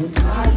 Amém.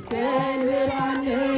stand with our name.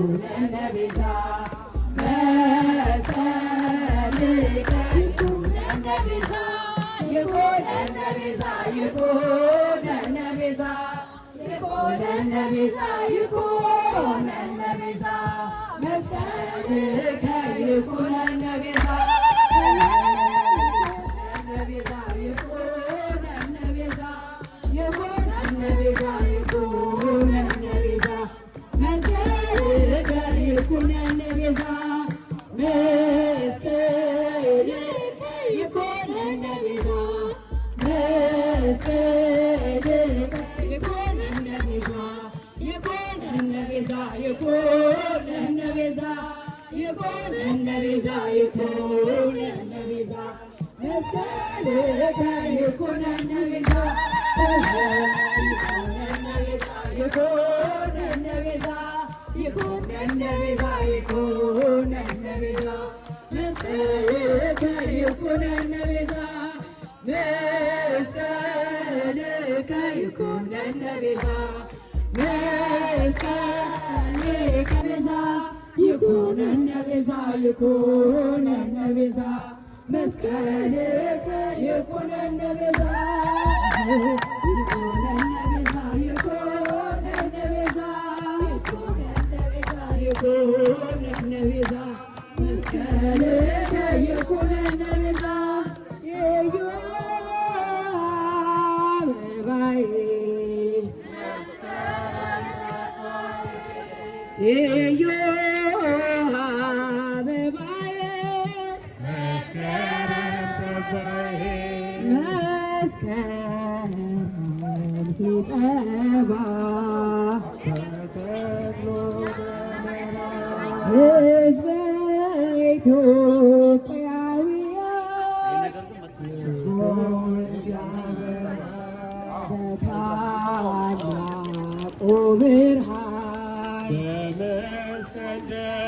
ይኩነነ ቤዛ ነቤዛ መስቀልከ ይኩን ነቤዛ መስቀልከ ይኩን ነቤዛ መስቀልከ ቤዛ ይኩን ነቤዛ ይኩን ነቤዛ መስቀልከ ይኩን ነቤዛ the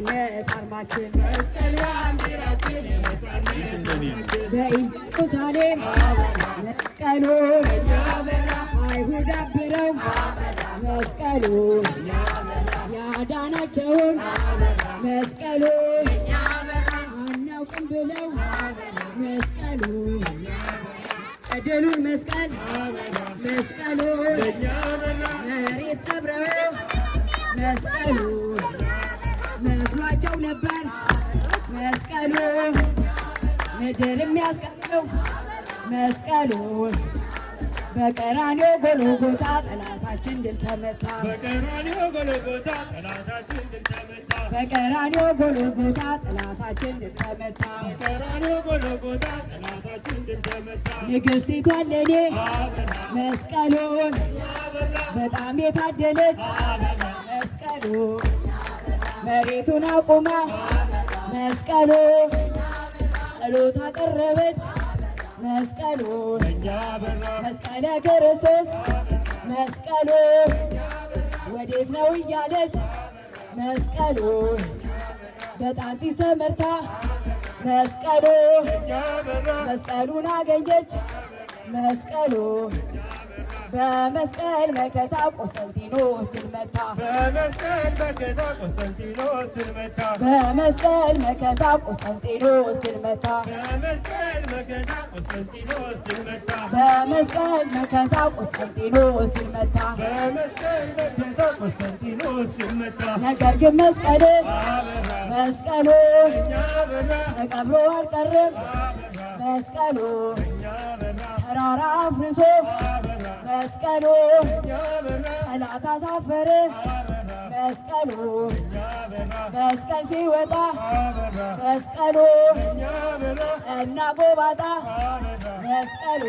አለ እጣርባችን መስቀሉ አይሁዳብረው መስቀሉ ያዳናቸውን መስቀሉ አናውቅም ብለው መስቀሉ እድሉን መስቀል መስቀሉ መሬት ቀብረው መስቀሉ ይገባቸው ነበር። መስቀሉ ምድር የሚያስቀጥለው መስቀሉ በቀራኒዮ ጎልጎታ ጠላታችን ድል ተመታ። በቀራንዮ ጎልጎታ ጠላታችን ድል ተመታ። በቀራንዮ ለኔ መስቀሉን በጣም የታደለች መስቀሉ መሬቱን አቁማ መስቀሉ ጸሎት አቀረበች መስቀሉ መስቀለ ክርስቶስ መስቀሉ ወዴት ነው እያለች መስቀሉ በጣንቲ ሰምርታ መስቀሉ መስቀሉን አገኘች መስቀሉ በመስቀል መከታ ቆስተንቲኖስ ድል መታ በመስቀል መከታ ቆስተንቲኖስ ድል መታ በመስቀል መከታ ቆስተንቲኖስ ድል መታ በመስቀል መከታ ቆስተንቲኖስ ድል መታ በመስቀል መከታ ቆስተንቲኖስ ድል መታ በመስቀል ድል መታ ነገር ግን መስቀል መስቀሉ ተቀብሮ አልቀርም መስቀሉ ተራራ አፍርሶ መስቀሉ ጠላት አሳፈረ መስቀሉ መስቀል ሲወጣ መስቀሉ እና ጎባጣ መስቀሉ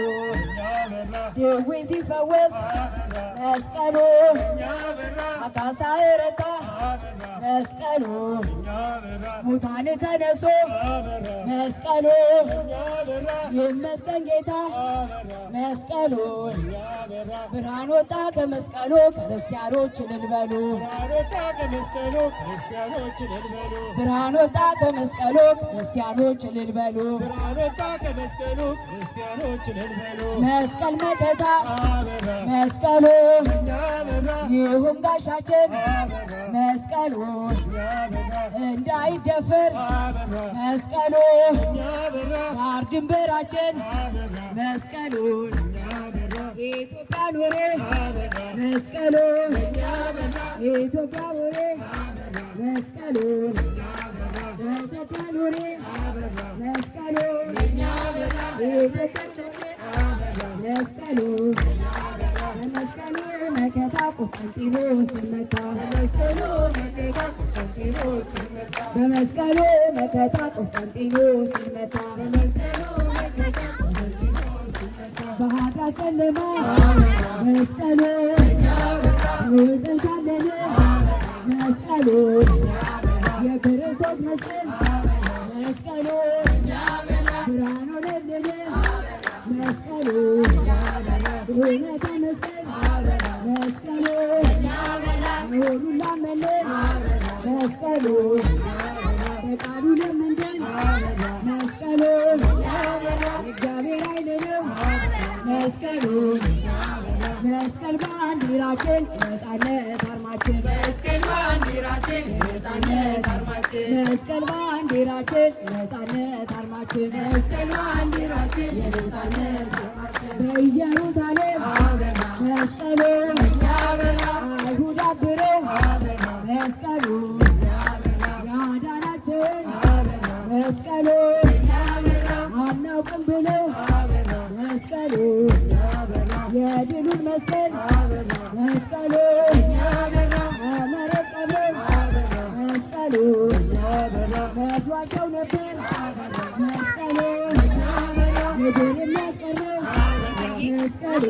ድዊ ሲፈወስ መስቀሉ አካሳ ረታ! መስቀሉ ሙታን ተነሶ መስቀሉ ይመስገን ጌታ መስቀሉ ብርሃን ወጣ ከመስቀሉ ክርስቲያኖች ልልበሉ ብርሃን ወጣ ከመስቀሉ ክርስቲያኖች ልልበሉ መስቀል መከታ መስቀሉ ይሁን ጋሻችን መስቀሉ እንዳይደፈር መስቀሉ ዳር ድንበራችን መስቀሉ የኢትዮጵያ ኖሬ መስቀሉ የኢትዮጵያ ኖሬ መስቀሉ የኢትዮጵያ ኖሬ መስቀሉ የኢትዮጵያ ኖሬ መስቀሉ በመስቀሉ መከታ ቆስጠንጢኖስ ሲመታ በኃጢአት ጨለማ መስቀሉ ውጠሻለን መስቀሉ የክርስቶስ መስቀል መስቀሉ ብርሃን ሆነልን መስቀሉ እውነተ መስቀል መስቀል ባንዲራችን የነፃነት አርማችን መስቀል ባንዲራችን የነፃነት አርማችን መስቀል ባንዲራችን የነፃነት አርማችን መስቀል ባንዲራችን የነፃነት አርማችን በኢየሩሳሌም መስቀሉ አይሁድ አብረው መስቀሉ ያዳናችን መስቀሉ አናውቅም ብለው መስቀሉ የድሉን መስቀል መስቀሉ መረቀበው መስቀሉ መስሏቸው ነበር መስቀሉ ምድር የሚያስቀረው መስቀሉ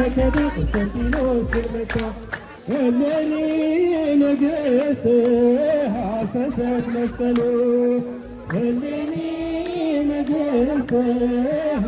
መለከት ቆስጠንጢኖስ ድል መታ እሌኒ ንግሥት ሐሰሰት መስቀሉ እሌኒ ንግሥት